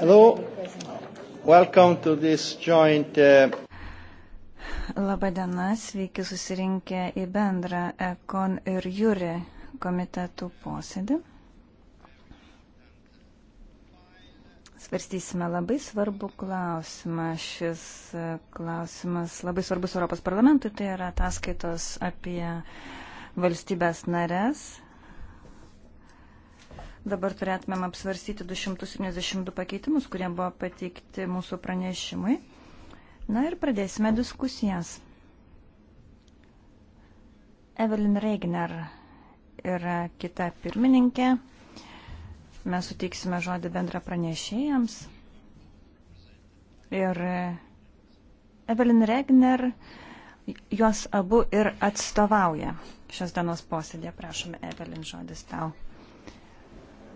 Hello. Welcome to this joint. Uh... Labadiena, sveiki susirinkę į bendrą Ekon ir Jūri komitetų posėdį. Svarstysime labai svarbų klausimą. Šis klausimas labai svarbus Europos parlamentui, tai yra ataskaitos apie valstybės narės Dabar turėtumėm apsvarstyti 272 pakeitimus, kurie buvo pateikti mūsų pranešimui. Na ir pradėsime diskusijas. Evelyn Reigner yra kita pirmininkė. Mes suteiksime žodį bendra pranešėjams. Ir Evelyn Regner juos abu ir atstovauja. Šios dienos posėdė prašome, Evelyn, žodis tau.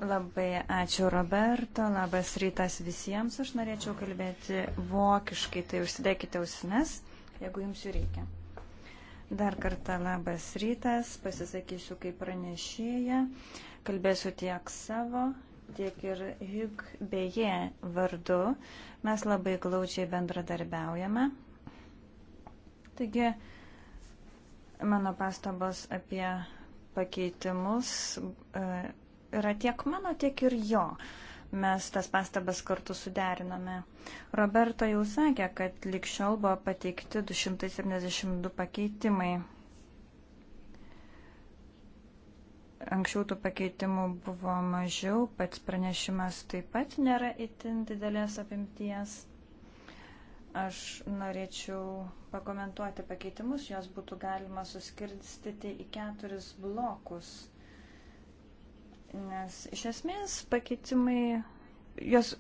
Labai ačiū Roberto, labas rytas visiems. Aš norėčiau kalbėti vokiškai, tai užsidėkite ausines, jeigu jums jų reikia. Dar kartą labas rytas, pasisakysiu kaip pranešėja, kalbėsiu tiek savo, tiek ir Hug Beje vardu. Mes labai glaučiai bendradarbiaujame. Taigi, mano pastabos apie pakeitimus e, yra tiek mano, tiek ir jo. Mes tas pastabas kartu suderinome. Roberto jau sakė, kad likščiol buvo pateikti 272 pakeitimai. Anksčiau tų pakeitimų buvo mažiau, pats pranešimas taip pat nėra itin didelės apimties. Aš norėčiau pakomentuoti pakeitimus, juos būtų galima suskirstyti į keturis blokus nes iš esmės pakeitimai, jos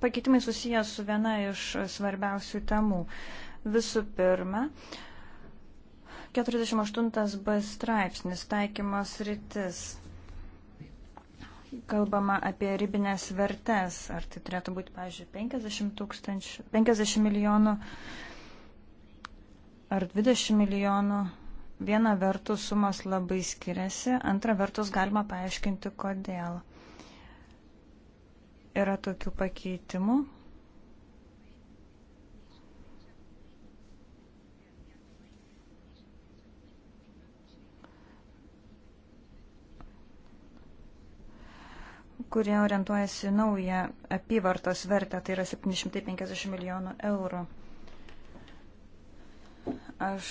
pakeitimai susijęs su viena iš svarbiausių temų. Visų pirma, 48b straipsnis taikymos rytis. Kalbama apie ribinės vertės, ar tai turėtų būti, pažiūrėjau, 50, tūkstančių, 50 milijonų ar 20 milijonų Viena vertus sumos labai skiriasi, antra vertus galima paaiškinti, kodėl. Yra tokių pakeitimų, kurie orientuojasi naują apyvartos vertę, tai yra 750 milijonų eurų. Aš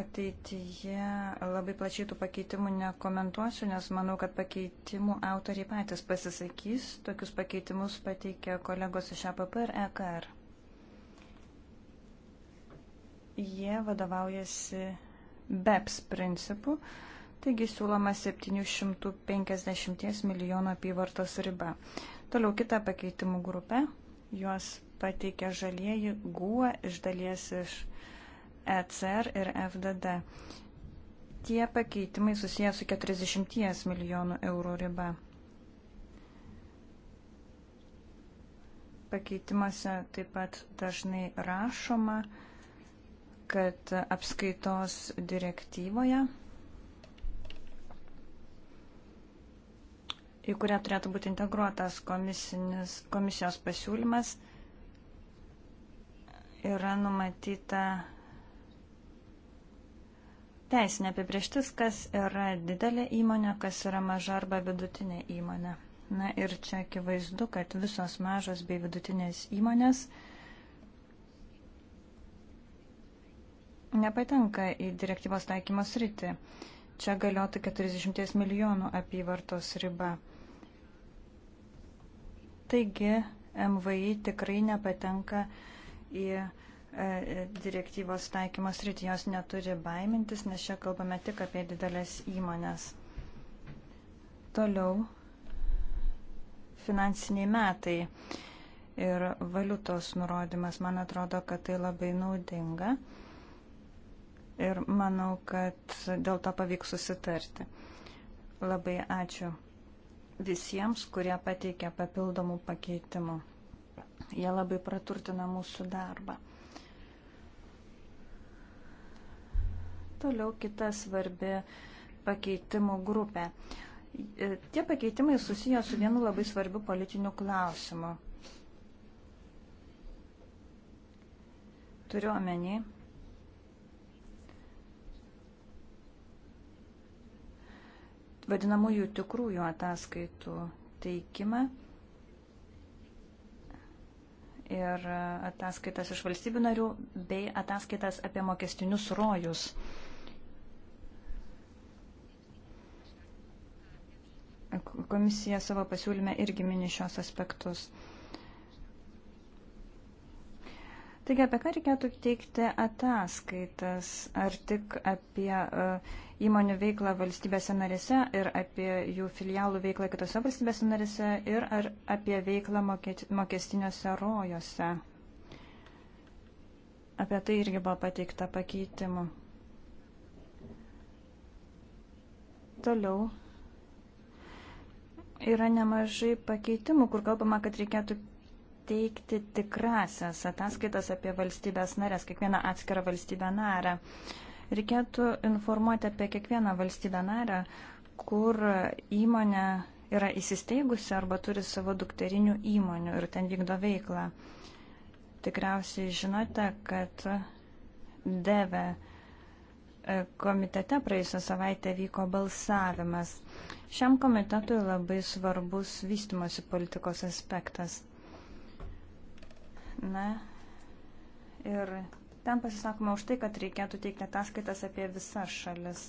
ateityje labai plačiai tų pakeitimų nekomentuosiu, nes manau, kad pakeitimų autoriai patys pasisakys. Tokius pakeitimus pateikė kolegos iš APP ir EKR. Jie vadovaujasi BEPS principu, taigi siūloma 750 milijono apyvartos riba. Toliau kita pakeitimų grupė, juos pateikė žalieji, guo iš dalies iš ECR ir FDD. Tie pakeitimai susiję su 40 milijonų eurų riba. Pakeitimuose taip pat dažnai rašoma, kad apskaitos direktyvoje, į kurią turėtų būti integruotas komisijos pasiūlymas, yra numatyta teisinė apibrieštis, kas yra didelė įmonė, kas yra maža arba vidutinė įmonė. Na ir čia akivaizdu, kad visos mažos bei vidutinės įmonės nepatenka į direktyvos taikymos rytį. Čia galiotų 40 milijonų apyvartos riba. Taigi MVI tikrai nepatenka į direktyvos taikymos rytį E, direktyvos taikymos rytį jos neturi baimintis, nes čia kalbame tik apie didelės įmonės. Toliau finansiniai metai ir valiutos nurodymas, man atrodo, kad tai labai naudinga ir manau, kad dėl to pavyks susitarti. Labai ačiū visiems, kurie pateikė papildomų pakeitimų. Jie labai praturtina mūsų darbą. Toliau kita svarbi pakeitimų grupė. E, tie pakeitimai susiję su vienu labai svarbiu politiniu klausimu. Turiu omeny. vadinamųjų tikrųjų ataskaitų teikimą ir ataskaitas iš valstybių narių bei ataskaitas apie mokestinius rojus. komisija savo pasiūlyme irgi mini šios aspektus. Taigi, apie ką reikėtų teikti ataskaitas? Ar tik apie e, įmonių veiklą valstybėse narėse ir apie jų filialų veiklą kitose valstybėse narėse ir ar apie veiklą mokestiniuose rojuose? Apie tai irgi buvo pateikta pakeitimu. Toliau yra nemažai pakeitimų, kur kalbama, kad reikėtų teikti tikrasias ataskaitas apie valstybės narės, kiekvieną atskirą valstybę narę. Reikėtų informuoti apie kiekvieną valstybę narę, kur įmonė yra įsisteigusi arba turi savo dukterinių įmonių ir ten vykdo veiklą. Tikriausiai žinote, kad DEVE E, komitete praėjusią savaitę vyko balsavimas. Šiam komitetui labai svarbus vystimosi politikos aspektas. Na, ir ten pasisakoma už tai, kad reikėtų teikti ataskaitas apie visas šalis.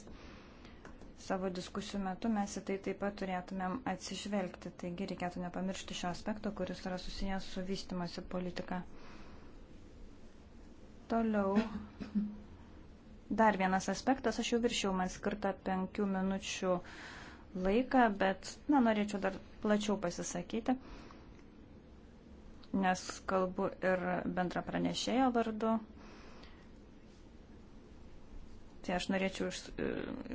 Savo diskusijų metu mes į tai taip pat turėtumėm atsižvelgti, taigi reikėtų nepamiršti šio aspekto, kuris yra susijęs su vystimosi politika. Toliau Dar vienas aspektas, aš jau viršiau man skirtą penkių minučių laiką, bet na, norėčiau dar plačiau pasisakyti, nes kalbu ir bendra pranešėjo vardu. Tai aš norėčiau iš,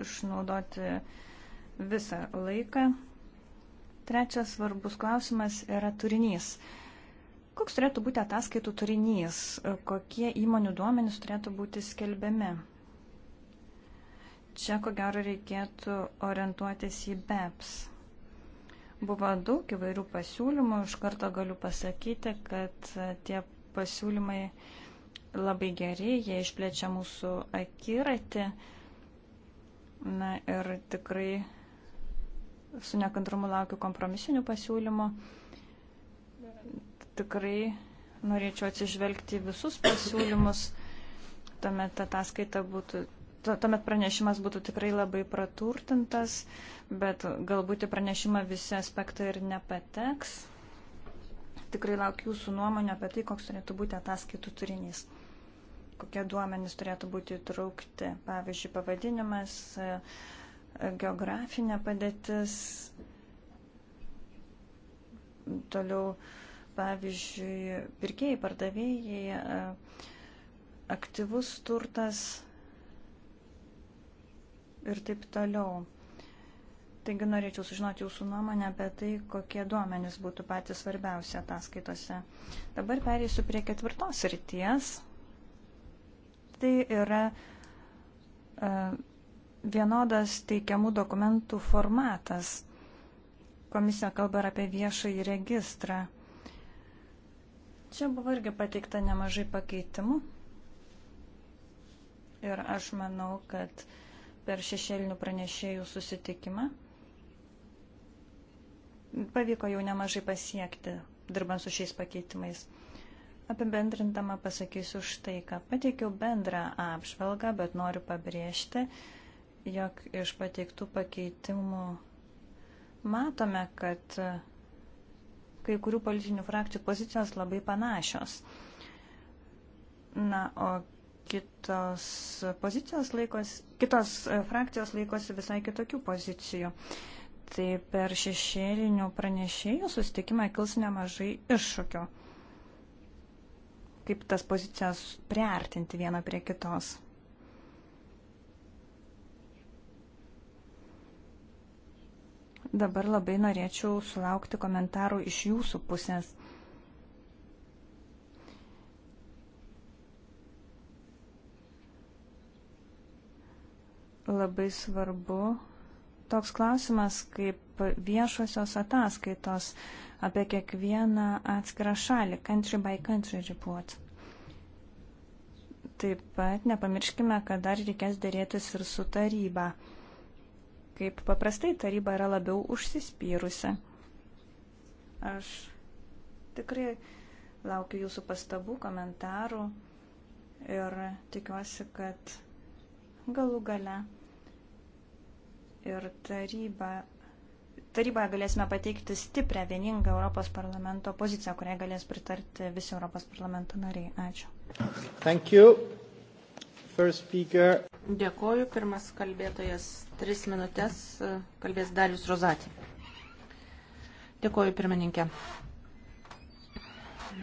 išnaudoti visą laiką. Trečias svarbus klausimas yra turinys. Koks turėtų būti ataskaitų turinys? Kokie įmonių duomenys turėtų būti skelbiami? Čia, ko gero, reikėtų orientuotis į BEPS. Buvo daug įvairių pasiūlymų, iš karto galiu pasakyti, kad e, tie pasiūlymai labai geri, jie išplečia mūsų akiratį. Na ir tikrai su nekantrumu laukiu kompromisinių pasiūlymų. Tikrai norėčiau atsižvelgti visus pasiūlymus, tuomet ataskaita būtų tuomet pranešimas būtų tikrai labai praturtintas, bet galbūt į pranešimą visi aspektai ir nepateks. Tikrai laukiu jūsų nuomonę apie tai, koks turėtų būti ataskaitų turinys, kokie duomenys turėtų būti įtraukti, pavyzdžiui, pavadinimas, geografinė padėtis, toliau, pavyzdžiui, pirkėjai, pardavėjai, aktyvus turtas ir taip toliau. Taigi norėčiau sužinoti jūsų nuomonę apie tai, kokie duomenys būtų patys svarbiausi ataskaitose. Dabar perėsiu prie ketvirtos ryties. Tai yra uh, vienodas teikiamų dokumentų formatas. Komisija kalba ir apie viešąjį registrą. Čia buvo irgi pateikta nemažai pakeitimų. Ir aš manau, kad uh, per šešėlinių pranešėjų susitikimą. Pavyko jau nemažai pasiekti, dirbant su šiais pakeitimais. Apibendrintama pasakysiu štai, ką pateikiau bendrą apžvalgą, bet noriu pabrėžti, jog iš pateiktų pakeitimų matome, kad kai kurių politinių frakcijų pozicijos labai panašios. Na, o kitos pozicijos laikosi, kitos e, frakcijos laikosi visai kitokių pozicijų. Tai per šešėlinių pranešėjų susitikimą kils nemažai iššūkių. Kaip tas pozicijas priartinti vieną prie kitos. Dabar labai norėčiau sulaukti komentarų iš jūsų pusės. labai svarbu toks klausimas kaip viešosios ataskaitos apie kiekvieną atskirą šalį, country by country report. Taip pat nepamirškime, kad dar reikės dėrėtis ir su taryba. Kaip paprastai taryba yra labiau užsispyrusi. Aš tikrai laukiu jūsų pastabų, komentarų ir tikiuosi, kad galų gale ir taryba, taryboje galėsime pateikti stiprią vieningą Europos parlamento poziciją, kuriai galės pritarti visi Europos parlamento nariai. Ačiū. Thank you. First speaker. Dėkoju. Pirmas kalbėtojas tris minutės kalbės Darius Rozatė. Dėkoju, pirmininkė.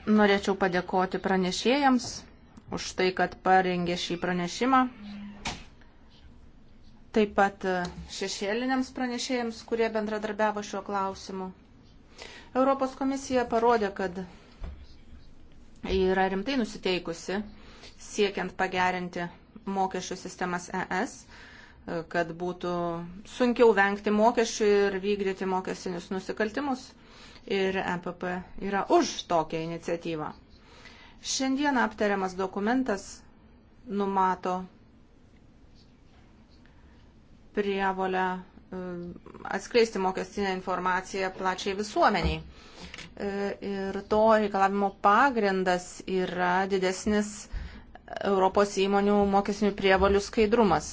Norėčiau padėkoti pranešėjams už tai, kad parengė šį pranešimą taip pat e, šešėliniams pranešėjams, kurie bendradarbiavo šiuo klausimu. Europos komisija parodė, kad yra rimtai nusiteikusi siekiant pagerinti mokesčių sistemas ES, e, kad būtų sunkiau vengti mokesčių ir vykdyti mokesinius nusikaltimus. Ir EPP yra už tokią iniciatyvą. Šiandien aptariamas dokumentas numato prievolę e, atskleisti mokestinę informaciją plačiai visuomeniai. E, ir to reikalavimo pagrindas yra didesnis Europos įmonių mokesinių prievolių skaidrumas.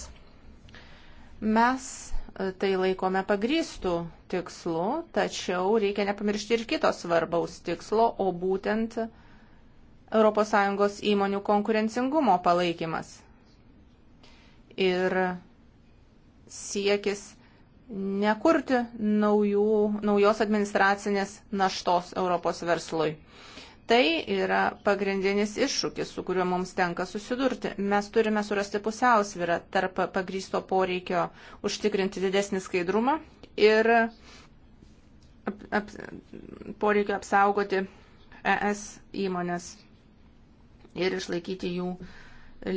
Mes e, tai laikome pagrystų tikslu, tačiau reikia nepamiršti ir kito svarbaus tikslo, o būtent ES įmonių konkurencingumo palaikymas. Ir siekis nekurti naujų, naujos administracinės naštos Europos verslui. Tai yra pagrindinis iššūkis, su kuriuo mums tenka susidurti. Mes turime surasti pusiausvyrą tarp pagrysto poreikio užtikrinti didesnį skaidrumą ir ap, ap, poreikio apsaugoti ES įmonės ir išlaikyti jų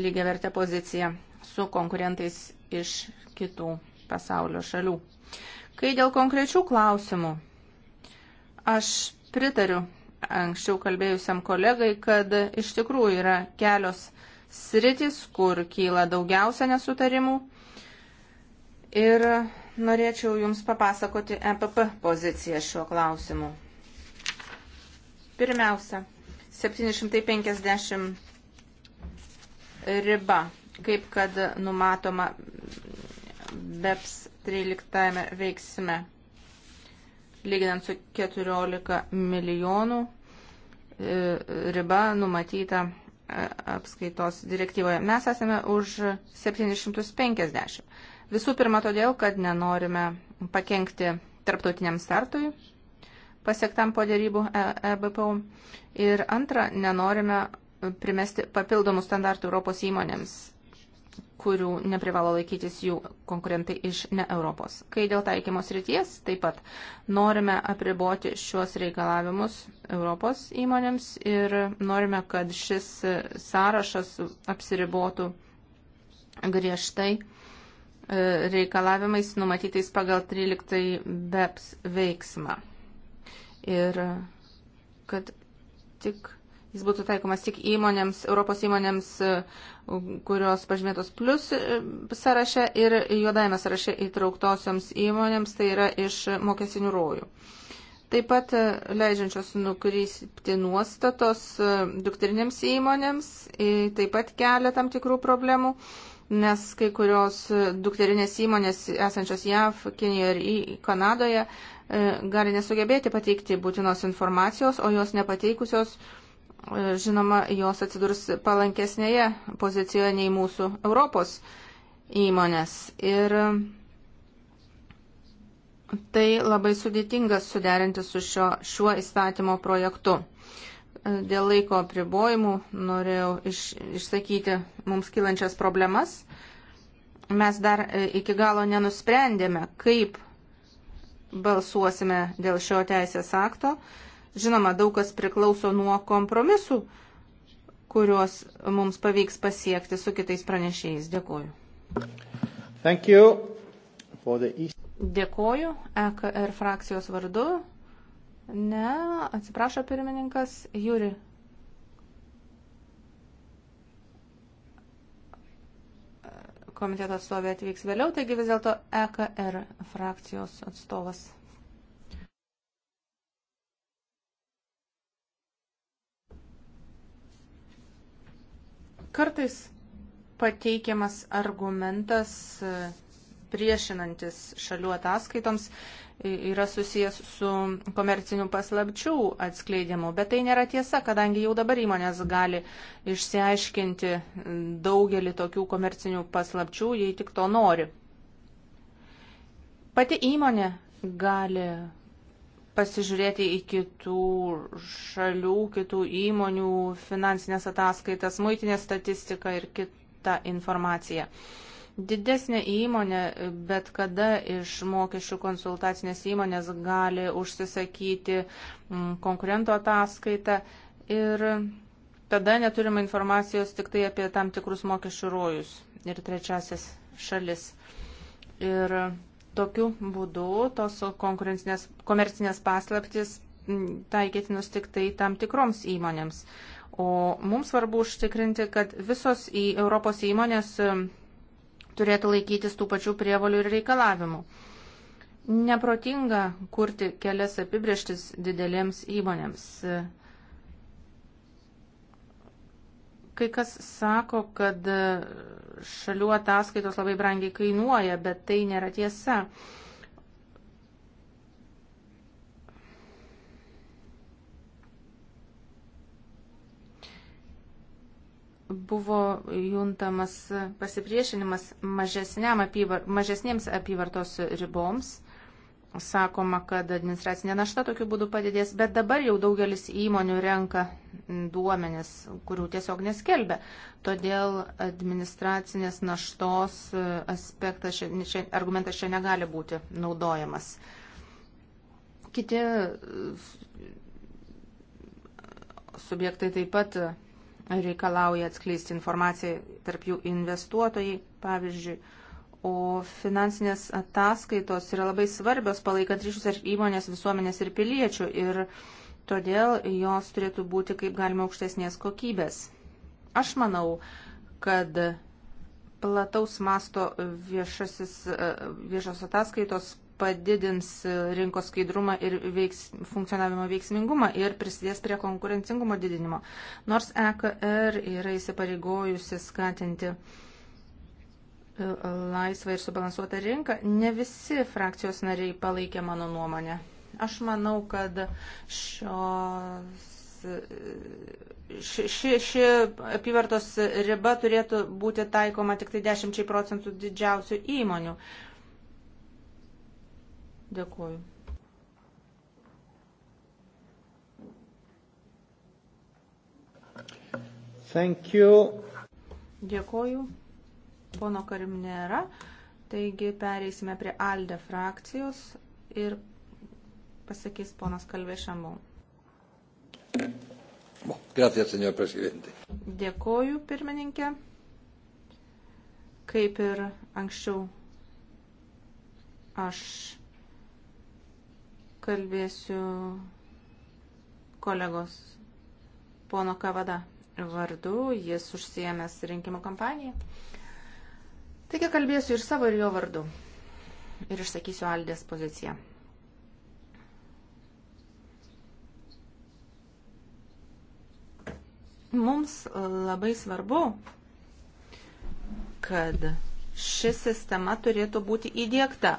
lygiavertę poziciją su konkurentais iš kitų pasaulio šalių. Kai dėl konkrečių klausimų, aš pritariu anksčiau kalbėjusiam kolegai, kad iš tikrųjų yra kelios sritis, kur kyla daugiausia nesutarimų. Ir norėčiau Jums papasakoti EPP poziciją šiuo klausimu. Pirmiausia, 750 riba kaip kad numatoma BEPS 13 veiksme, lyginant su 14 milijonų e, riba numatyta e, apskaitos direktyvoje. Mes esame už 750. Visų pirma todėl, kad nenorime pakengti tarptautiniam startui pasiektam po dėrybų EBPU. E, e ir antra, nenorime primesti papildomų standartų Europos įmonėms kurių neprivalo laikytis jų konkurentai iš ne Europos. Kai dėl taikymos ryties, taip pat norime apriboti šiuos reikalavimus Europos įmonėms ir norime, kad šis sąrašas apsiribotų griežtai e, reikalavimais numatytais pagal 13 BEPS veiksmą. Ir kad tik Jis būtų taikomas tik įmonėms, Europos įmonėms, e, kurios pažymėtos plus e, sąraše ir juodajame sąraše įtrauktosioms įmonėms, tai yra iš mokesinių rojų. Taip pat e, leidžiančios nukrypti nuostatos dukterinėms įmonėms taip pat kelia tam tikrų problemų, nes kai kurios dukterinės įmonės esančios JAV, Kinijoje ir Kanadoje gali nesugebėti pateikti būtinos informacijos, o jos nepateikusios žinoma, jos atsidurs palankesnėje pozicijoje nei mūsų Europos įmonės. Ir tai labai sudėtingas suderinti su šio, šiuo įstatymo projektu. Dėl laiko apribojimų norėjau iš, išsakyti mums kylančias problemas. Mes dar e, iki galo nenusprendėme, kaip balsuosime dėl šio teisės akto. Uh, Žinoma, daug kas priklauso nuo kompromisų, kuriuos mums pavyks pasiekti su kitais pranešėjais. Dėkuoju. The... Dėkuoju EKR frakcijos vardu. Ne, atsiprašo pirmininkas Juri. Komiteto atstovė atvyks vėliau, taigi vis dėlto EKR frakcijos atstovas. Kartais pateikiamas argumentas e, priešinantis šalių ataskaitoms e, yra susijęs su komercinių paslapčių atskleidimu, bet tai nėra tiesa, kadangi jau dabar įmonės gali išsiaiškinti daugelį tokių komercinių paslapčių, jei tik to nori. Pati įmonė gali pasižiūrėti į kitų šalių, kitų įmonių finansinės ataskaitas, muitinės statistiką ir kitą informaciją. Didesnė įmonė bet kada iš mokesčių konsultacinės įmonės gali užsisakyti mm, konkurento ataskaitą ir tada neturime informacijos tik tai apie tam tikrus mokesčių rojus ir trečiasis šalis. Ir Tokiu būdu tos komercinės paslaptis taikytinus tik tai tam tikroms įmonėms. O mums svarbu užtikrinti, kad visos į Europos įmonės turėtų laikytis tų pačių prievalių ir reikalavimų. Neprotinga kurti kelias apibrieštis didelėms įmonėms. Kai kas sako, kad šalių ataskaitos labai brangiai kainuoja, bet tai nėra tiesa. Buvo juntamas pasipriešinimas mažesniems apyvar, mažesnėms apyvartos riboms sakoma, kad administracinė našta tokiu būdu padidės, bet dabar jau daugelis įmonių renka duomenis, kurių tiesiog neskelbia. Todėl administracinės naštos e, aspektas, šia, argumentas čia negali būti naudojamas. Kiti e, subjektai taip pat reikalauja atskleisti informaciją, tarp jų investuotojai, pavyzdžiui, O finansinės ataskaitos yra labai svarbios palaikant ryšius ar įmonės, visuomenės ir piliečių. Ir todėl jos turėtų būti kaip galima aukštesnės kokybės. Aš manau, kad plataus masto viešasis, e, viešos ataskaitos padidins rinkos skaidrumą ir veiks, funkcionavimo veiksmingumą ir prisidės prie konkurencingumo didinimo. Nors EKR yra įsipareigojusi skatinti uh, laisvą ir subalansuotą rinką, ne visi frakcijos nariai palaikė mano nuomonę. Aš manau, kad šios, ši, ši, ši apyvartos riba turėtų būti taikoma tik tai 10 procentų didžiausių įmonių. Dėkuoju. Thank you. Dėkuoju. Bono Karim nėra, taigi pereisime prie Alde frakcijos ir pasakys ponas Kalvė Šamau. Gracias, señor presidente. Dėkoju, pirmininkė. Kaip ir anksčiau, aš kalbėsiu kolegos pono Kavada vardu, jis užsiemęs rinkimų kampaniją. Taigi kalbėsiu ir savo, ir jo vardu. Ir išsakysiu Aldės poziciją. Mums labai svarbu, kad ši sistema turėtų būti įdėkta.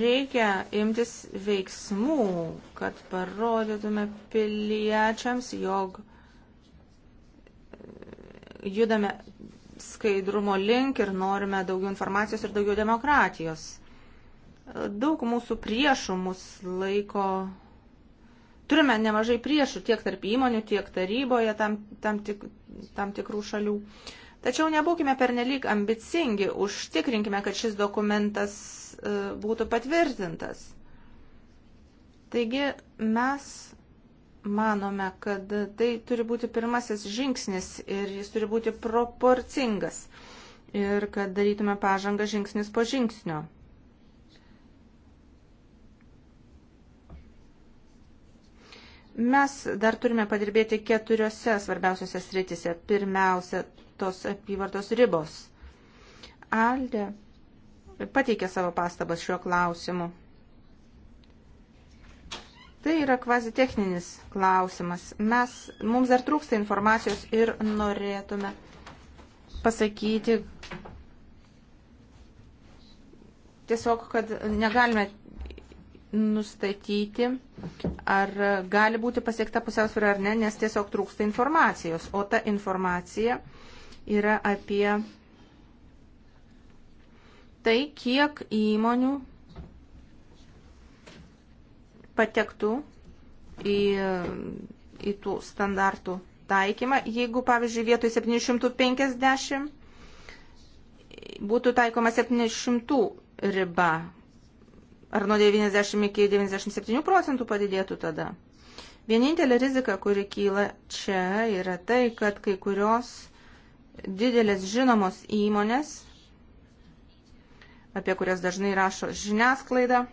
Reikia imtis veiksmų, kad parodytume piliečiams, jog judame skaidrumo link ir norime daugiau informacijos ir daugiau demokratijos. Daug mūsų priešų mus laiko. Turime nemažai priešų tiek tarp įmonių, tiek taryboje tam, tam, tik, tam tikrų šalių. Tačiau nebūkime pernelyg ambicingi, užtikrinkime, kad šis dokumentas e, būtų patvirtintas. Taigi mes manome, kad tai turi būti pirmasis žingsnis ir jis turi būti proporcingas ir kad darytume pažangą žingsnis po žingsnio. Mes dar turime padirbėti keturiose svarbiausiose sritise. Pirmiausia, tos apyvartos ribos. Alde pateikė savo pastabas šiuo klausimu. Tai yra kvazi techninis klausimas. Mes, mums dar trūksta informacijos ir norėtume pasakyti tiesiog, kad negalime nustatyti, ar gali būti pasiekta pusiausvyrą ar ne, nes tiesiog trūksta informacijos. O ta informacija yra apie tai, kiek įmonių patektų į, į tų standartų taikymą. Jeigu, pavyzdžiui, vietoj 750 būtų taikoma 700 riba, ar nuo 90 iki 97 procentų padidėtų tada. Vienintelė rizika, kuri kyla čia, yra tai, kad kai kurios didelės žinomos įmonės, apie kurias dažnai rašo žiniasklaida,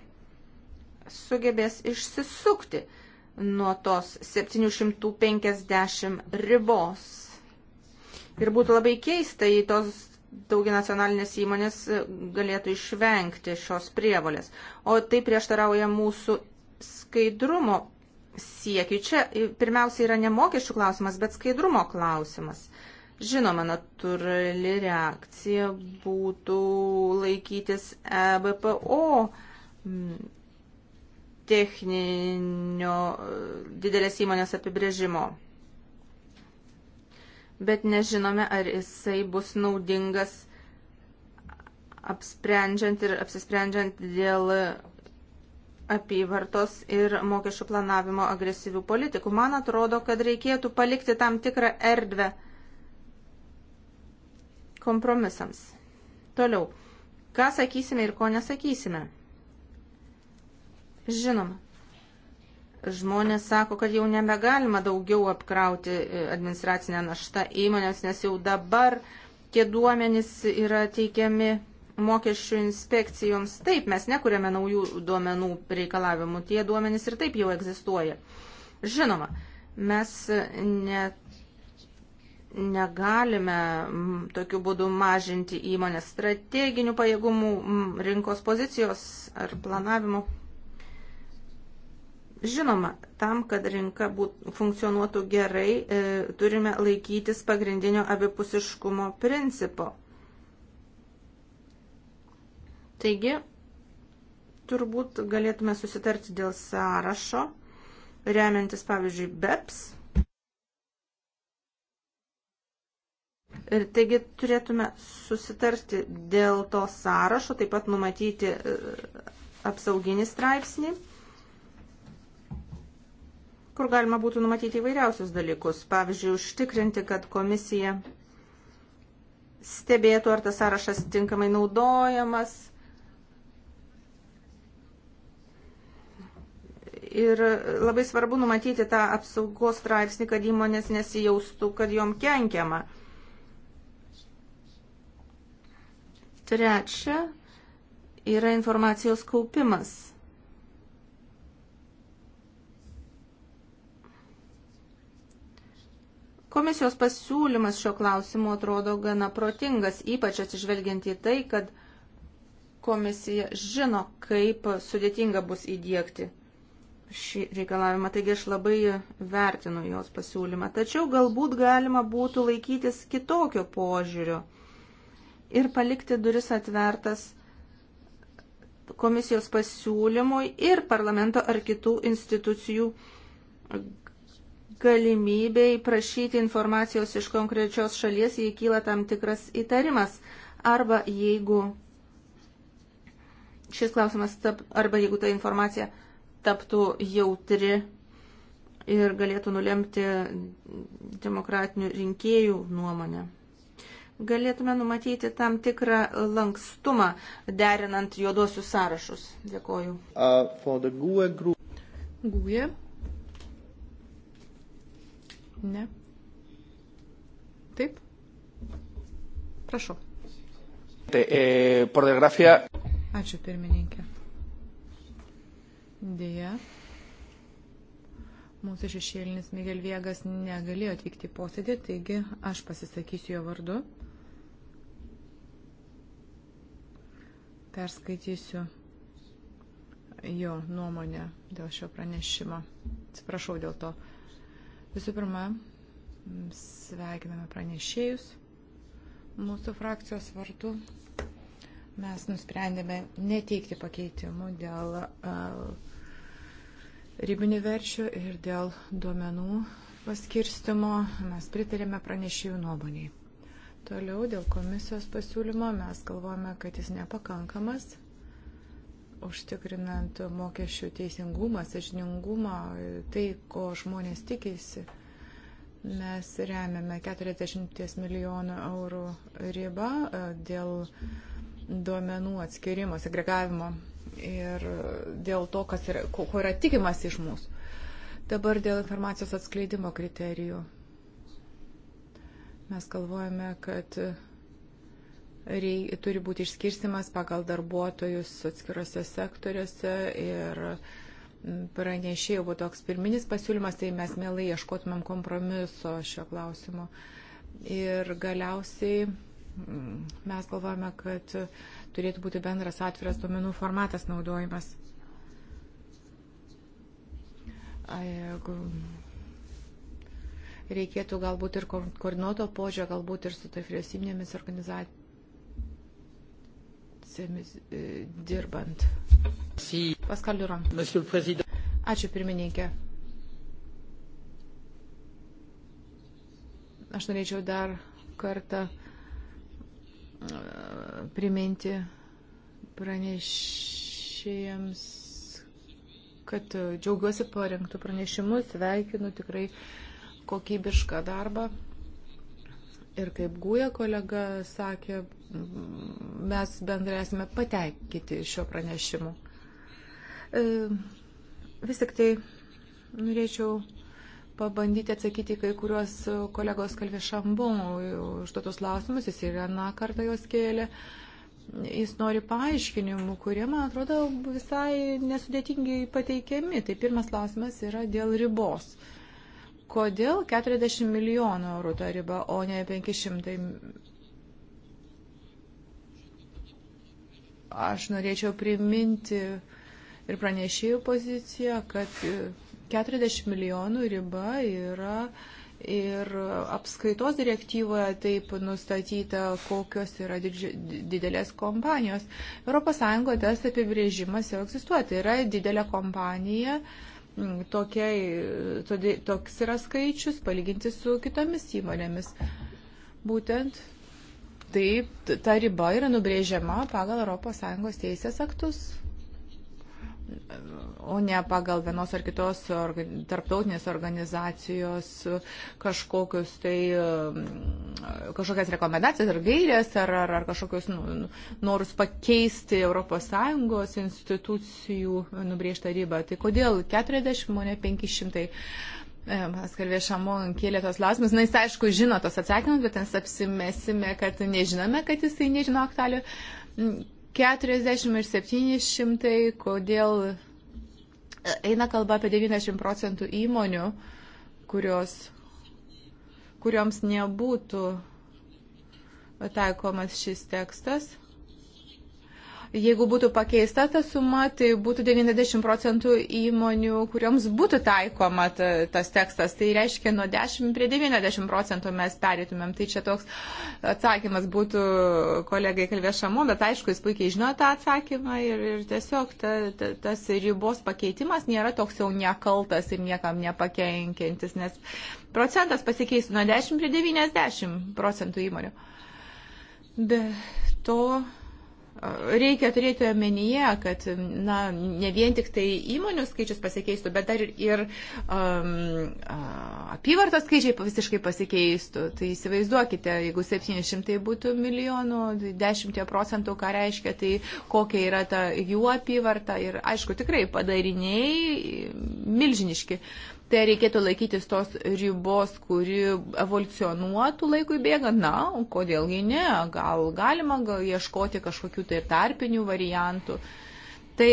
sugebės išsisukti nuo tos 750 ribos. Ir būtų labai keista, jei tos dauginacionalinės įmonės galėtų išvengti šios prievolės. O tai prieštarauja mūsų skaidrumo siekiui. Čia pirmiausia yra ne mokesčių klausimas, bet skaidrumo klausimas. Žinoma, natūrali reakcija būtų laikytis EBPO techninio didelės įmonės apibrėžimo. Bet nežinome, ar jisai bus naudingas apsprendžiant ir apsisprendžiant dėl apyvartos ir mokesčių planavimo agresyvių politikų. Man atrodo, kad reikėtų palikti tam tikrą erdvę kompromisams. Toliau, ką sakysime ir ko nesakysime. Žinoma. Žmonės sako, kad jau nebegalima daugiau apkrauti e, administracinę naštą įmonės, nes jau dabar tie duomenys yra teikiami mokesčių inspekcijoms. Taip, mes nekuriame naujų duomenų reikalavimų, tie duomenys ir taip jau egzistuoja. Žinoma, mes e, ne, negalime tokiu būdu mažinti įmonės strateginių pajėgumų, rinkos pozicijos ar planavimo Žinoma, tam, kad rinka būt, funkcionuotų gerai, e, turime laikytis pagrindinio abipusiškumo principo. Taigi, turbūt galėtume susitarti dėl sąrašo, remiantis pavyzdžiui BEPS. Ir taigi turėtume susitarti dėl to sąrašo, taip pat numatyti e, apsauginį straipsnį kur galima būtų numatyti įvairiausius dalykus. Pavyzdžiui, užtikrinti, kad komisija stebėtų, ar tas sąrašas tinkamai naudojamas. Ir labai svarbu numatyti tą apsaugos straipsnį, kad įmonės nesijaustų, kad jom kenkiama. Trečia yra informacijos kaupimas. Komisijos pasiūlymas šio klausimu atrodo gana protingas, ypač atsižvelgiant į tai, kad komisija žino, kaip sudėtinga bus įdėkti šį reikalavimą, taigi aš labai vertinu jos pasiūlymą. Tačiau galbūt galima būtų laikytis kitokio požiūrio ir palikti duris atvertas komisijos pasiūlymui ir parlamento ar kitų institucijų galimybei prašyti informacijos iš konkrečios šalies, jei kyla tam tikras įtarimas, arba jeigu šis klausimas, tap, arba jeigu ta informacija taptų jautri ir galėtų nulemti demokratinių rinkėjų nuomonę. Galėtume numatyti tam tikrą lankstumą, derinant juodosius sąrašus. Dėkoju. Uh, GUE Ne? Taip? Prašau. E, por desgracia. Ačiū pirmininkė. Deja. Mūsų šešėlinis Miguel Viegas negalėjo atvykti į posėdį, taigi aš pasisakysiu jo vardu. Perskaitysiu jo nuomonę dėl šio pranešimo. Atsiprašau dėl to. Visų pirma, sveikiname pranešėjus mūsų frakcijos vartų. Mes nusprendėme neteikti pakeitimų dėl uh, ribinių verčių ir dėl duomenų paskirstimo. Mes pritarėme pranešėjų nuomoniai. Toliau dėl komisijos pasiūlymo mes galvojame, kad jis nepakankamas užtikrinant mokesčių teisingumą, sažiningumą, tai, ko žmonės tikėsi. Mes remiame 40 milijonų eurų ribą e, dėl duomenų atskirimo, segregavimo ir dėl to, kas yra, ko, ko yra tikimas iš mūsų. Dabar dėl informacijos atskleidimo kriterijų. Mes galvojame, kad rei, turi būti išskirstimas pagal darbuotojus atskirose sektoriuose ir pranešėjau buvo toks pirminis pasiūlymas, tai mes mielai ieškotumėm kompromiso šio klausimo. Ir galiausiai mes galvojame, kad turėtų būti bendras atviras duomenų formatas naudojimas. A, jeigu reikėtų galbūt ir koordinuoto požio, galbūt ir su tai vyriausybinėmis organizacijomis teisėmis e, dirbant. Paskal Liuram. Ačiū pirmininkė. Aš norėčiau dar kartą e, priminti pranešėjams, kad džiaugiuosi parengtų pranešimus, sveikinu tikrai kokybišką darbą. Ir kaip Gūja kolega sakė, mes bendrai esame pateikyti šio pranešimu. E, vis tik tai norėčiau pabandyti atsakyti kai kuriuos kolegos kalvė šambon užduotus klausimus, jis ir vieną kartą juos kėlė. Jis nori paaiškinimų, kurie, man atrodo, visai nesudėtingai pateikiami. Tai pirmas klausimas yra dėl ribos. Uh, Kodėl 40 milijonų eurų ta riba, o ne 500? Aš norėčiau priminti ir pranešėjų poziciją, kad 40 milijonų riba yra ir apskaitos direktyvoje taip nustatyta, kokios yra didži, didelės kompanijos. ES tas apibrėžimas jau egzistuoja. Tai yra didelė kompanija. Uh, Mm, tokiai, toks yra skaičius palyginti su kitomis įmonėmis. Būtent taip, ta riba yra nubrėžiama pagal ES teisės aktus o ne pagal vienos ar kitos orga, tarptautinės organizacijos kažkokius tai um, kažkokias rekomendacijas ar gairias ar, ar, ar kažkokius nu, nu norus pakeisti ES institucijų nubriežtą ribą. Tai kodėl 40, o ne 500? Paskalvė e, Šamon kėlė tos klausimus. Na, jis aišku žino tos atsakymus, bet mes apsimesime, kad nežinome, kad jisai nežino aktualių 40 ir 700, kodėl e, eina kalba apie 90 procentų įmonių, kurios, kurioms nebūtų taikomas šis tekstas. Jeigu būtų pakeista ta suma, tai būtų 90 procentų įmonių, kurioms būtų taikoma ta, tas tekstas. Tai reiškia, nuo 10 prie 90 procentų mes perėtumėm. Tai čia toks atsakymas būtų kolegai kalvėšamo, bet aišku, jis puikiai žino tą atsakymą ir, ir tiesiog ta, ta, tas ribos pakeitimas nėra toks jau nekaltas ir niekam nepakenkintis, nes procentas pasikeis nuo 10 prie 90 procentų įmonių. Be to reikia turėti omenyje, kad na, ne vien tik tai įmonių skaičius pasikeistų, bet dar ir um, apyvartos skaičiai visiškai pasikeistų. Tai įsivaizduokite, jeigu 700 būtų milijonų, 10 procentų, ką reiškia, tai kokia yra ta jų apyvarta. Ir aišku, tikrai padariniai milžiniški. Uh, tai reikėtų laikytis tos ribos, kuri evoliucionuotų laikui bėgant. Na, kodėlgi ne, gal galima gal ieškoti kažkokių tai tarpinių variantų. Tai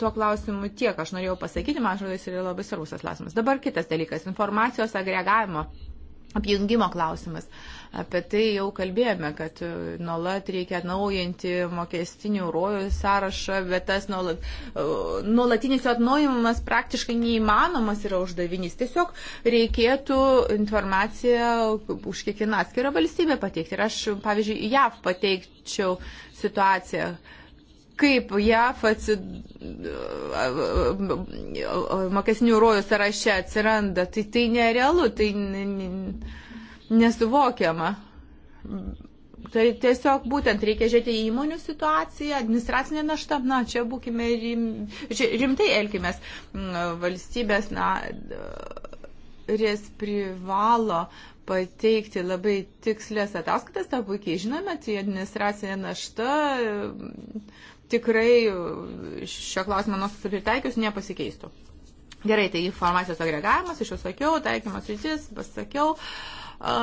tuo klausimu tiek aš norėjau pasakyti, man atrodo, jis yra labai svarbus tas klausimas. Dabar kitas dalykas - informacijos agregavimo, apjungimo klausimas. Uh, Apie tai jau kalbėjome, kad e, nuolat reikia atnaujinti mokestinių rojų sąrašą, bet tas nuolat, e, nuolatinis atnaujimas praktiškai neįmanomas yra uždavinys. Tiesiog reikėtų informaciją už kiekvieną atskirą valstybę pateikti. Ir aš, pavyzdžiui, JAV pateikčiau situaciją kaip JAF atsid... E, mokesnių rojų sąraše atsiranda, tai tai nerealu, tai nesuvokiama. Tai tiesiog būtent reikia žiūrėti į įmonių situaciją, administracinę naštą, na, čia būkime rim, rimtai elkimės. Mm, valstybės, na, ries privalo pateikti labai tikslės ataskaitas, tą puikiai žinome, tai administracinė našta mm, tikrai šio klausimo nors pritaikius nepasikeistų. Gerai, tai informacijos agregavimas, iš jau sakiau, taikymas rytis, pasakiau. Uh,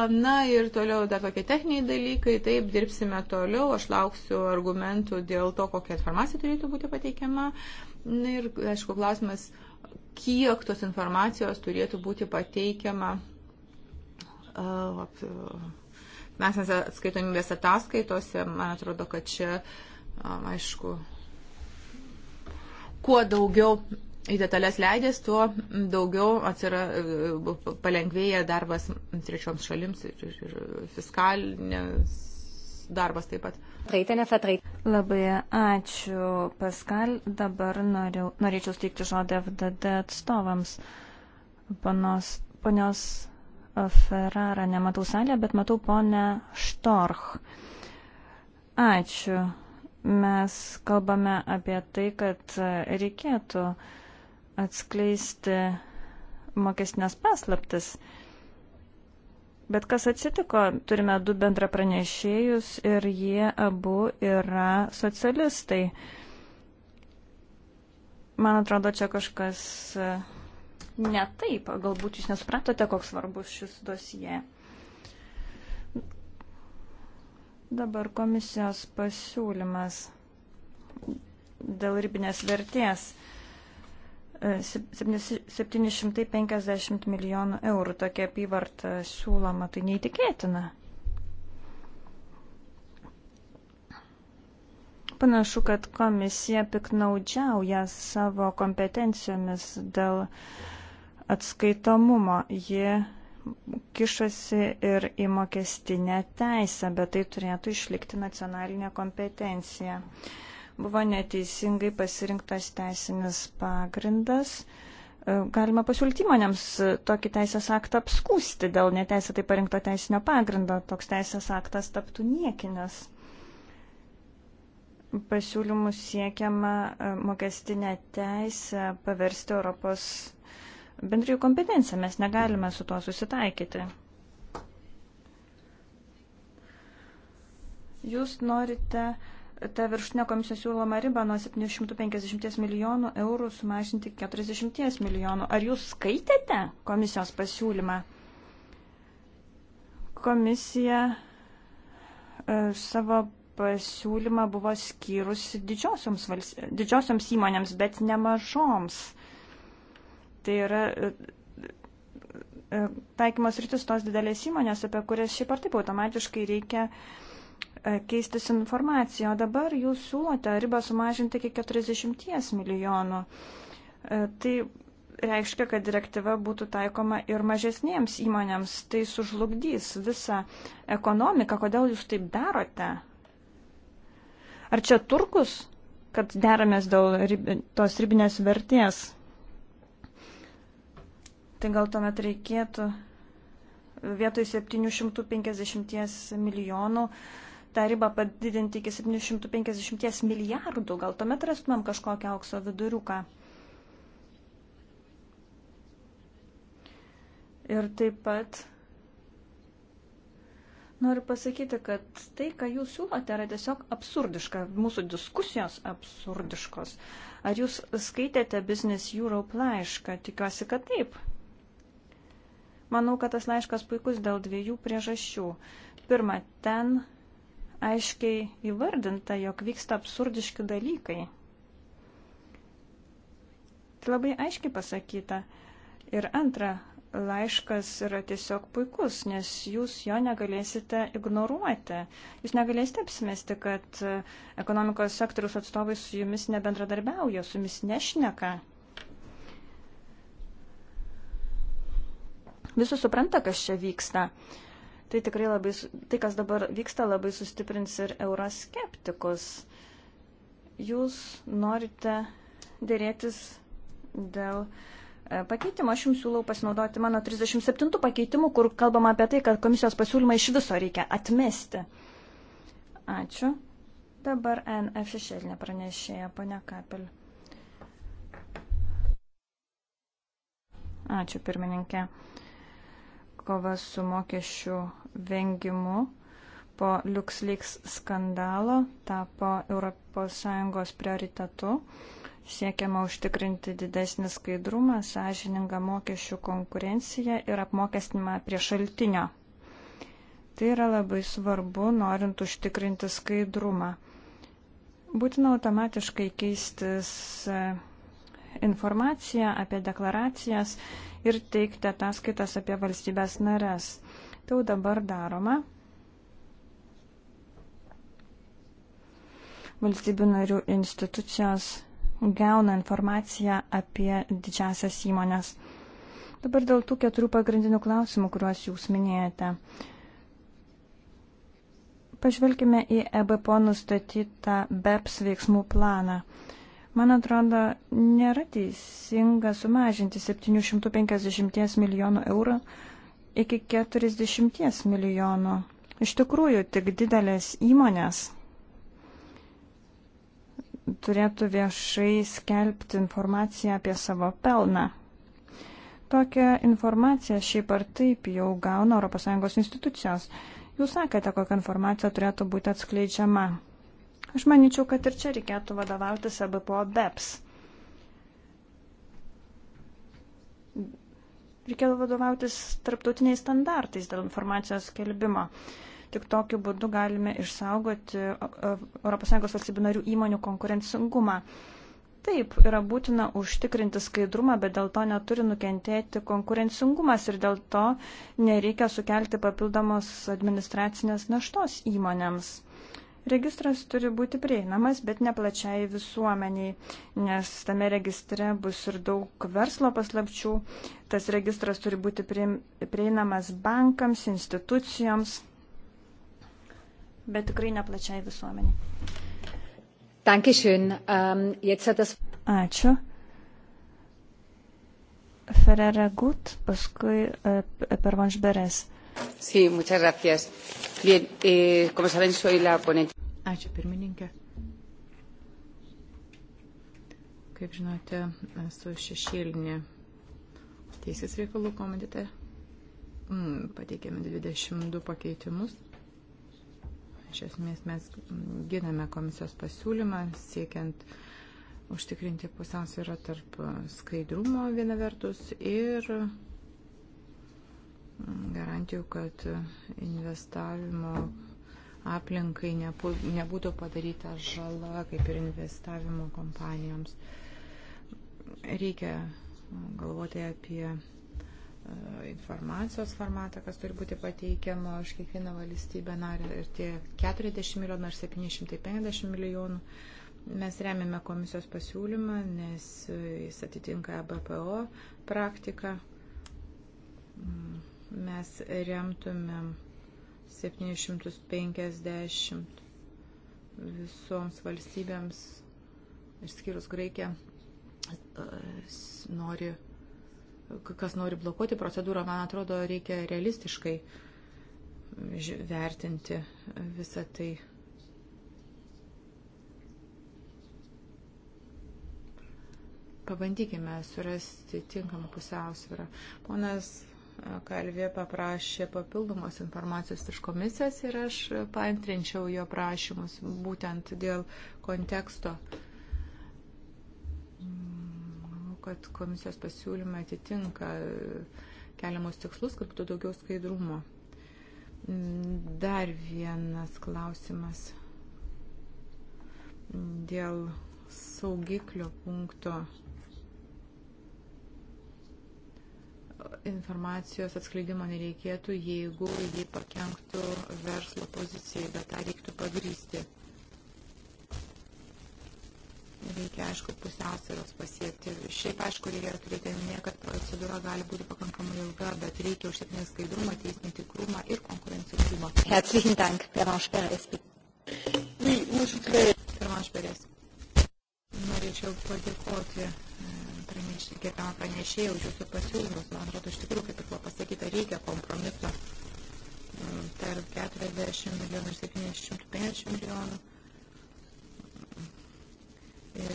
Na ir toliau dar tokie techniniai dalykai, taip dirbsime toliau, aš lauksiu argumentų dėl to, kokia informacija turėtų būti pateikiama. Na ir, aišku, klausimas, kiek tos informacijos turėtų būti pateikiama. Uh, mes atskaitomybės ataskaitose, man atrodo, kad čia, um, aišku, kuo daugiau į detalės leidės, tuo daugiau atsira, palengvėja darbas trečioms šalims ir, ir, ir fiskalinės darbas taip pat. Labai ačiū, Paskal. Dabar noriu, norėčiau steikti žodį FDD atstovams. Panos, ponios Ferrara nematau salėje, bet matau ponę Štorch. Ačiū mes kalbame apie tai, kad reikėtų uh, atskleisti mokestinės paslaptis. Bet kas atsitiko, turime du bendra pranešėjus ir jie abu yra socialistai. Man atrodo, čia kažkas e, ne taip, galbūt jūs nesupratote, koks svarbus šis dosie. Dabar komisijos pasiūlymas dėl ribinės vertės. 750 milijonų eurų tokia apyvarta siūloma, tai neįtikėtina. Panašu, kad komisija piknaudžiauja savo kompetencijomis dėl atskaitomumo. Ji kišasi ir į mokestinę teisę, bet tai turėtų išlikti nacionalinė kompetencija. Uh, buvo neteisingai pasirinktas teisinis pagrindas. E, galima pasiūlyti įmonėms tokį teisės aktą apskūsti dėl neteisėtai parinkto teisinio pagrindo. Toks teisės aktas taptų niekinas. Pasiūlymus siekiama e, mokestinę teisę paversti Europos bendrijų kompetenciją. Mes negalime su tuo susitaikyti. Jūs norite uh, ta viršutinė komisijos siūloma riba nuo 750 milijonų eurų sumažinti 40 milijonų. Ar jūs skaitėte komisijos pasiūlymą? Komisija e, savo pasiūlymą buvo skyrusi didžiosioms, vals... didžiosioms įmonėms, bet ne mažoms. Tai yra e, e, taikymas rytis tos didelės įmonės, apie kurias šiaip ar taip automatiškai reikia uh, keistis informaciją, o dabar jūs siūlote ribą sumažinti iki 40 milijonų. E, tai reiškia, kad direktyva būtų taikoma ir mažesniems įmonėms. Tai sužlugdys visą ekonomiką. Kodėl jūs taip darote? Ar čia turkus, kad deramės dėl rib, tos ribinės vertės? Tai gal tuomet reikėtų vietoj 750 milijonų tą ribą padidinti iki 750 milijardų, gal tuomet rastumėm kažkokią aukso viduriuką. Ir taip pat noriu pasakyti, kad tai, ką jūs siūlote, yra tiesiog absurdiška, mūsų diskusijos absurdiškos. Ar jūs skaitėte Business Europe laišką? Tikiuosi, kad taip. Manau, kad tas laiškas puikus dėl dviejų priežasčių. Pirma, ten aiškiai įvardinta, jog vyksta absurdiški dalykai. Tai labai aiškiai pasakyta. Ir antra, laiškas yra tiesiog puikus, nes jūs jo negalėsite ignoruoti. Jūs negalėsite apsimesti, kad e, ekonomikos sektoriaus atstovai su jumis nebendradarbiauja, su jumis nešneka. Visi supranta, kas čia vyksta. Uh, Tai tikrai labai, tai kas dabar vyksta, labai sustiprins ir euroskeptikus. Jūs norite dėrėtis dėl e, pakeitimo. Aš jums siūlau pasinaudoti mano 37 pakeitimu, kur kalbama apie tai, kad komisijos pasiūlymą iš viso reikia atmesti. Ačiū. Dabar NF šešėlinė pranešėja, ponia Kapel. Ačiū, pirmininkė kova su mokesčių vengimu po LuxLeaks skandalo tapo ES prioritetu. Siekiama užtikrinti didesnį skaidrumą, sąžiningą mokesčių konkurenciją ir apmokestinimą prie šaltinio. Tai yra labai svarbu, norint užtikrinti skaidrumą. Būtina automatiškai keistis e, informaciją apie deklaracijas ir teikti ataskaitas apie valstybės nares. Tai jau dabar daroma. Valstybių narių institucijos gauna informaciją apie didžiasias įmonės. Dabar dėl tų keturių pagrindinių klausimų, kuriuos jūs minėjote. Pažvelkime į EBPO nustatytą BEPS veiksmų planą. Man atrodo, nėra teisinga sumažinti 750 milijonų eurų iki 40 milijonų. Iš tikrųjų, tik didelės įmonės turėtų viešai skelbti informaciją apie savo pelną. Tokią informaciją šiaip ar taip jau gauna ES institucijos. Jūs sakėte, kokia informacija turėtų būti atskleidžiama. Aš manyčiau, kad ir čia reikėtų vadovautis ABPO BEPS. Reikėtų vadovautis tarptautiniais standartais dėl informacijos kelbimo. Tik tokiu būdu galime išsaugoti ES valstybių narių įmonių konkurencingumą. Taip, yra būtina užtikrinti skaidrumą, bet dėl to neturi nukentėti konkurencingumas ir dėl to nereikia sukelti papildomos administracinės naštos įmonėms. Registras turi būti prieinamas, bet ne plačiai visuomeniai, nes tame registre bus ir daug verslo paslapčių. Tas registras turi būti prieinamas bankams, institucijoms, bet tikrai ne plačiai visuomeniai. Dankeschön. Um, jetzt hat das... Ačiū. Ferrera Gut, paskui e, Pervanche Beres. Sí, muchas gracias. Bien, eh, como saben, soy la ponente. Ačiū pirmininkė. Kaip žinote, esu šešėlinė Teisės reikalų komitete. Mm, pateikėme 22 pakeitimus. Iš esmės mes giname komisijos pasiūlymą, siekiant užtikrinti pusiausvyrą tarp skaidrumo viena vertus ir mm, garantijų, kad investavimo aplinkai nebūtų padaryta žala, kaip ir investavimo kompanijoms. Reikia galvoti apie informacijos formatą, kas turi būti pateikiama už kiekvieną valstybę narę. Ir tie 40 milijonų ar 750 milijonų mes remiame komisijos pasiūlymą, nes jis atitinka BPO praktiką. Mm, mes remtumėm 750 visoms valstybėms, išskyrus Graikiją, nori, kas nori blokuoti procedūrą, man atrodo, reikia realistiškai vertinti visą tai. Pabandykime surasti tinkamą pusiausvyrą. Ponas Kalvė paprašė papildomos informacijos iš komisijos ir aš paantrinčiau jo prašymus būtent dėl konteksto, kad komisijos pasiūlymai atitinka keliamus tikslus, kad būtų daugiau skaidrumo. Dar vienas klausimas dėl saugiklio punkto informacijos atskleidimo nereikėtų, jeigu jį pakenktų verslo pozicijai, bet tą reiktų pagrysti. Reikia, aišku, pusiausvėros pasiekti. Šiaip, aišku, reikia turėti minė, kad procedūra gali būti pakankamai ilga, bet reikia užtikrinti skaidrumą, teisinį tikrumą ir konkurencingumą. Herzlichen Dank, Pervanche Perez. Oui, moi je voudrais. Pervanche Perez. Norėčiau padėkoti praneš, gerbiamą pranešėją už jūsų pasiūlymus. Man atrodo, iš tikrųjų, kaip ir buvo pasakyta, reikia kompromiso mm, tarp 40 milijonų ir 750 milijonų. Ir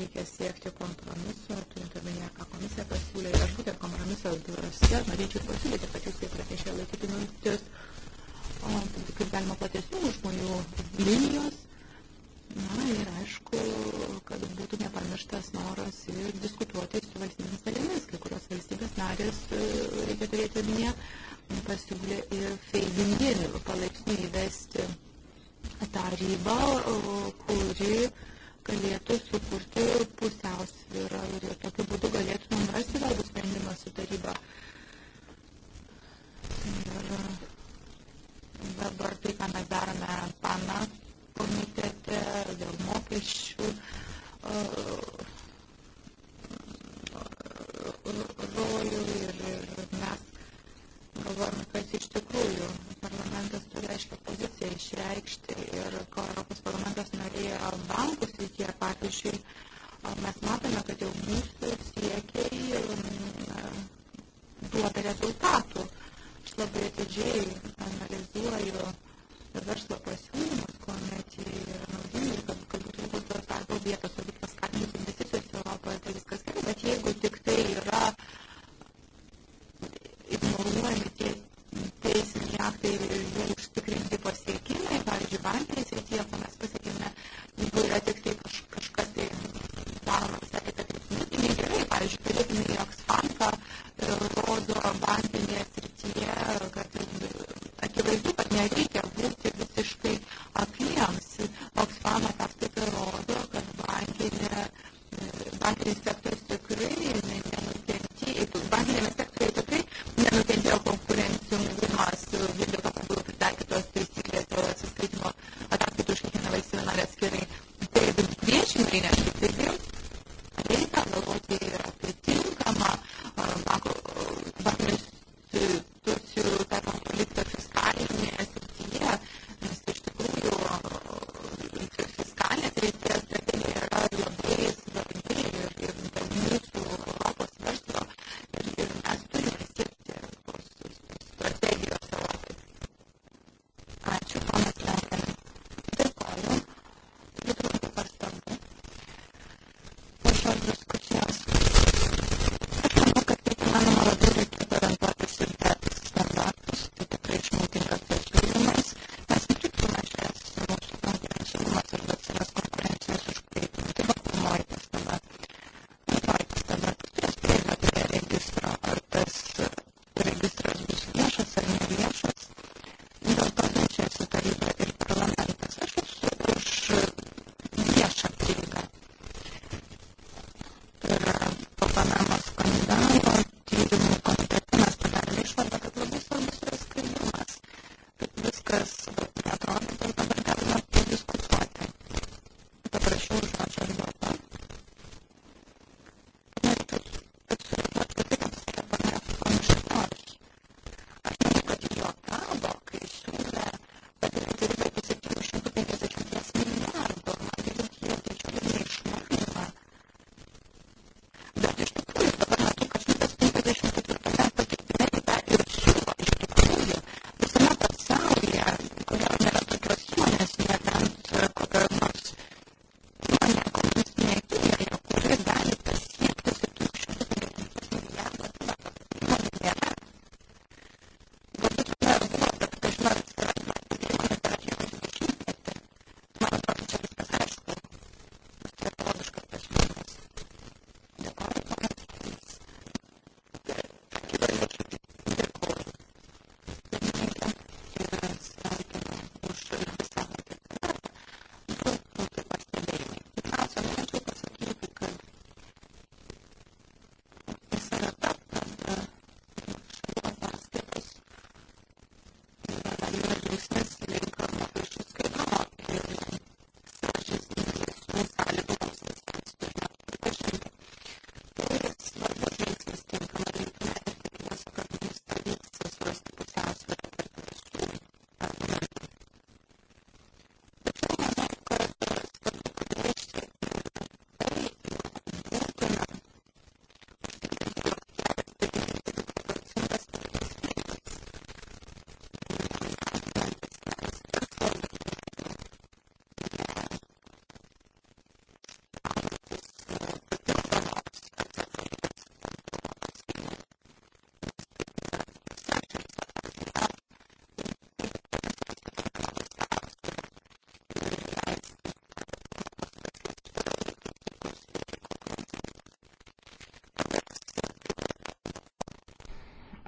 reikia siekti kompromiso, turint omenyje, ką komisija pasiūlė. Aš būtent kompromiso biurose norėčiau pasiūlyti, kad jūs kaip pranešė laikytumėtės, kaip galima platesnių žmonių linijos Na ir aišku, kad būtų nepamirštas noras ir diskutuoti su valstybės narėmis. Kai kurios valstybės narės, e, reikia turėti omenyje, pasiūlė ir feizingin palaipsniui įvesti tą ribą, kuri galėtų sukurti pusiausvyrą ir tokiu būdu galėtume rasti galbūt sprendimą su taryba. Ir e, dabar tai, ką mes darome panas komitete, dėl mokesčių rojų ir, ir mes galvojame, kad iš tikrųjų parlamentas turi aiškę poziciją išreikšti ir ko Europos parlamentas norėjo bankų srityje, pavyzdžiui, mes matome, kad jau mūsų siekiai duoda rezultatų. Aš labai atidžiai analizuoju verslo pasiūlymus, kuomet jie yra naudingi, kad, kad būtų sukurtos darbo vietos, kad būtų paskatintos investicijos Europoje, tai viskas gerai, bet jeigu tik tai yra ignoruojami tie teisiniai aktai ir jų užtikrinti pasiekimai, pavyzdžiui, bankinės srityje, ko mes pasiekime, jeigu yra tik tai kaž, kažkas tai daroma visai kitą kryptimį, tai negerai, pavyzdžiui, turėtume į Oxfamką e, rodo bankinėje srityje, kad e, akivaizdu, kad nereikia visiškai akliems. Oksfam ataskaita rodo, kad bankinė, bankinis sektorius tikrai nenukentėjo, bankinėme sektoriuje tikrai nenukentėjo konkurencingumas vis dėlto, kad buvo pritaikytos taisyklės dėl atsiskaitimo ataskaitų už kiekvieną valstybę narę atskirai. Tai priešingai, nes tai vėl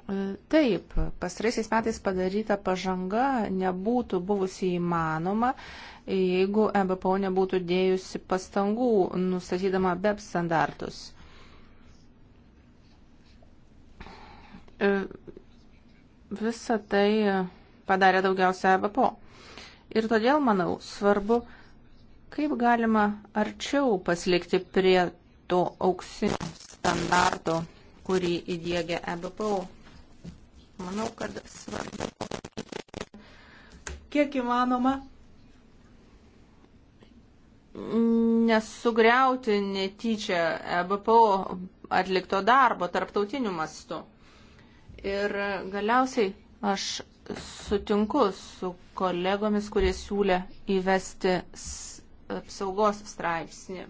E, taip, pastaraisiais metais padaryta pažanga nebūtų buvusi įmanoma, jeigu EBPO nebūtų dėjusi pastangų nustatydama BEP standartus. E, visa tai padarė daugiausia EBPO. Ir todėl, manau, svarbu, kaip galima arčiau pasilikti prie to auksinio standarto, kurį įdėgia EBPO. Manau, kad svarbu pasakyti, kiek įmanoma nesugriauti netyčia EBPO atlikto darbo tarptautiniu mastu. Ir galiausiai aš sutinku su kolegomis, kurie siūlė įvesti apsaugos straipsnį.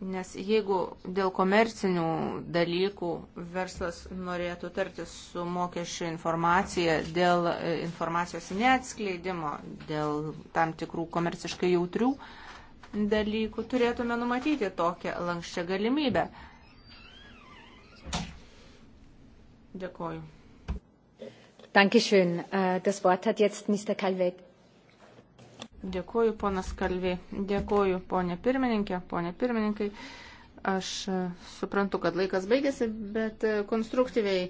Nes jeigu dėl komercinių dalykų verslas norėtų tartis su mokesčių informacija dėl e, informacijos neatskleidimo, dėl tam tikrų komerciškai jautrių dalykų, turėtume numatyti tokią lankščią galimybę. Dėkoju. Dankeschön. Äh, das Wort hat jetzt Mr. Calvet. Dėkuoju, ponas Kalvi. Dėkuoju, ponė pirmininkė, ponė pirmininkai. Aš suprantu, kad laikas baigėsi, bet konstruktyviai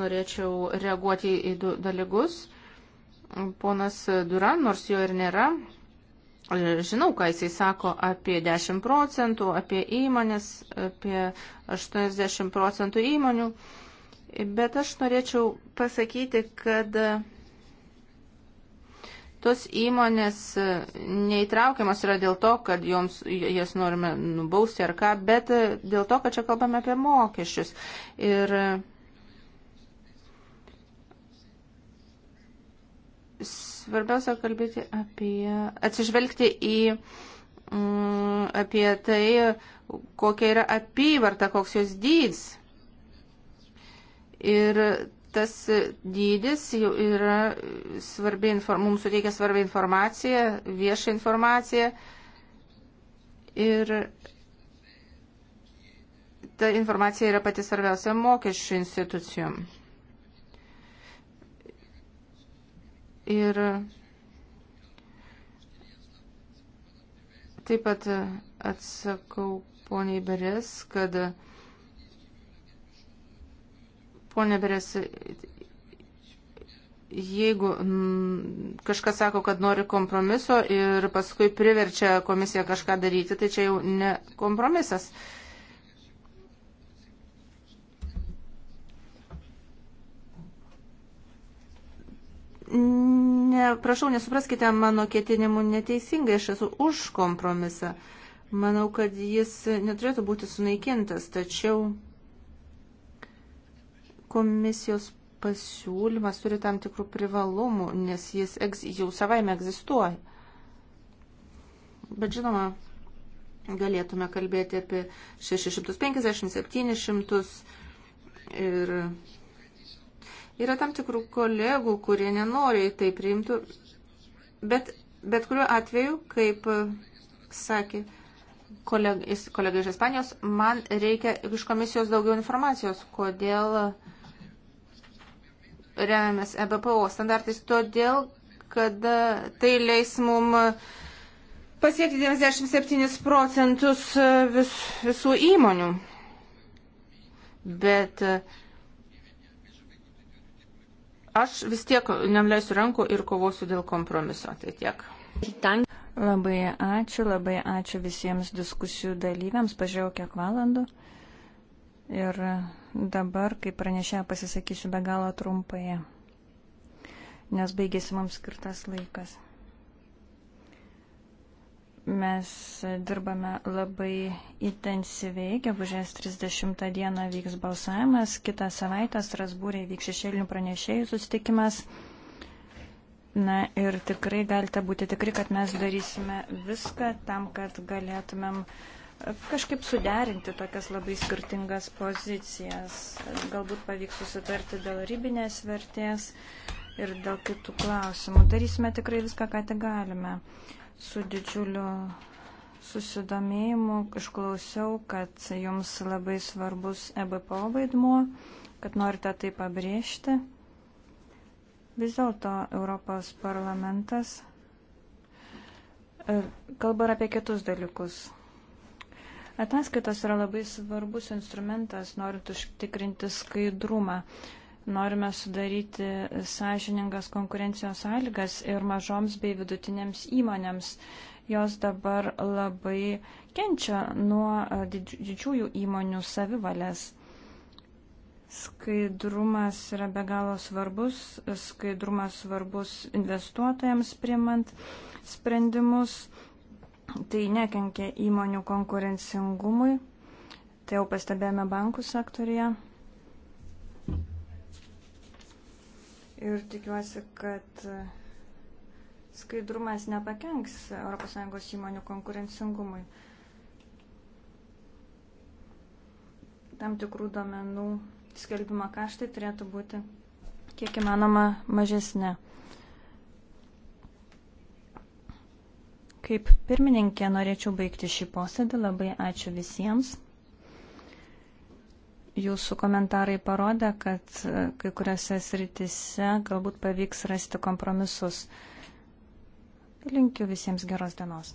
norėčiau reaguoti į du dalykus. Ponas Duran, nors jo ir nėra, žinau, ką jisai sako apie 10 procentų, apie įmonės, apie 80 procentų įmonių, bet aš norėčiau pasakyti, kad Tos įmonės e, neįtraukiamas yra dėl to, kad joms, jas norime nubausti ar ką, bet e, dėl to, kad čia kalbame apie mokesčius. Ir e, svarbiausia kalbėti apie, atsižvelgti į, mm, apie tai, kokia yra apyvarta, koks jos dydis. Ir tas dydis jau yra svarbi, mums suteikia svarbią informaciją, viešą informaciją. Ir ta informacija yra pati svarbiausia mokesčių institucijom. Ir taip pat atsakau poniai Beres, kad Pone Beres, jeigu kažkas sako, kad nori kompromiso ir paskui priverčia komisiją kažką daryti, tai čia jau ne kompromisas. Ne, prašau, nesupraskite mano ketinimų neteisingai, aš esu už kompromisą. Manau, kad jis neturėtų būti sunaikintas, tačiau Komisijos pasiūlymas turi tam tikrų privalumų, nes jis jau savaime egzistuoja. Bet žinoma, galėtume kalbėti apie 650-700 ir yra tam tikrų kolegų, kurie nenori tai priimtų, bet, bet kuriuo atveju, kaip sakė kolega, kolega iš Ispanijos, man reikia iš komisijos daugiau informacijos, kodėl uh, remiamės EBPO standartais todėl, kad e, tai leis mum pasiekti 97 procentus e, vis, visų įmonių. Bet e, aš vis tiek nemleisiu rankų ir kovosiu dėl kompromiso. Tai tiek. Labai ačiū, labai ačiū visiems diskusijų dalyviams. Pažiūrėjau, kiek valandų. Ir Dabar, kaip pranešę, pasisakysiu be galo trumpai, nes baigėsi mums skirtas laikas. Mes dirbame labai intensyviai, gegužės 30 dieną vyks balsavimas, kitą savaitę Strasbūrė vyks šešėlinių pranešėjų susitikimas. Na ir tikrai galite būti tikri, kad mes darysime viską tam, kad galėtumėm uh, kažkaip suderinti tokias labai skirtingas pozicijas. Galbūt pavyks susitarti dėl rybinės vertės ir dėl kitų klausimų. Darysime tikrai viską, ką tik galime. Su didžiuliu susidomėjimu išklausiau, kad jums labai svarbus EBPO vaidmuo, kad norite tai pabrėžti. Vis dėlto Europos parlamentas e, kalba ir apie kitus dalykus Ataskaitos yra labai svarbus instrumentas, norint užtikrinti skaidrumą. Norime sudaryti sąžiningas konkurencijos sąlygas ir mažoms bei vidutinėms įmonėms. Jos dabar labai kenčia nuo didžiųjų įmonių savivalės. Skaidrumas yra be galo svarbus, skaidrumas svarbus investuotojams primant sprendimus tai nekenkia įmonių konkurencingumui. Tai jau pastebėjome bankų sektorija. Ir tikiuosi, kad skaidrumas nepakenks ES įmonių konkurencingumui. Tam tikrų domenų skelbimo kaštai turėtų būti kiek įmanoma mažesnė. Kaip pirmininkė norėčiau baigti šį posėdį. Labai ačiū visiems. Jūsų komentarai parodė, kad e, kai kuriuose sritise galbūt pavyks rasti kompromisus. Linkiu visiems geros dienos.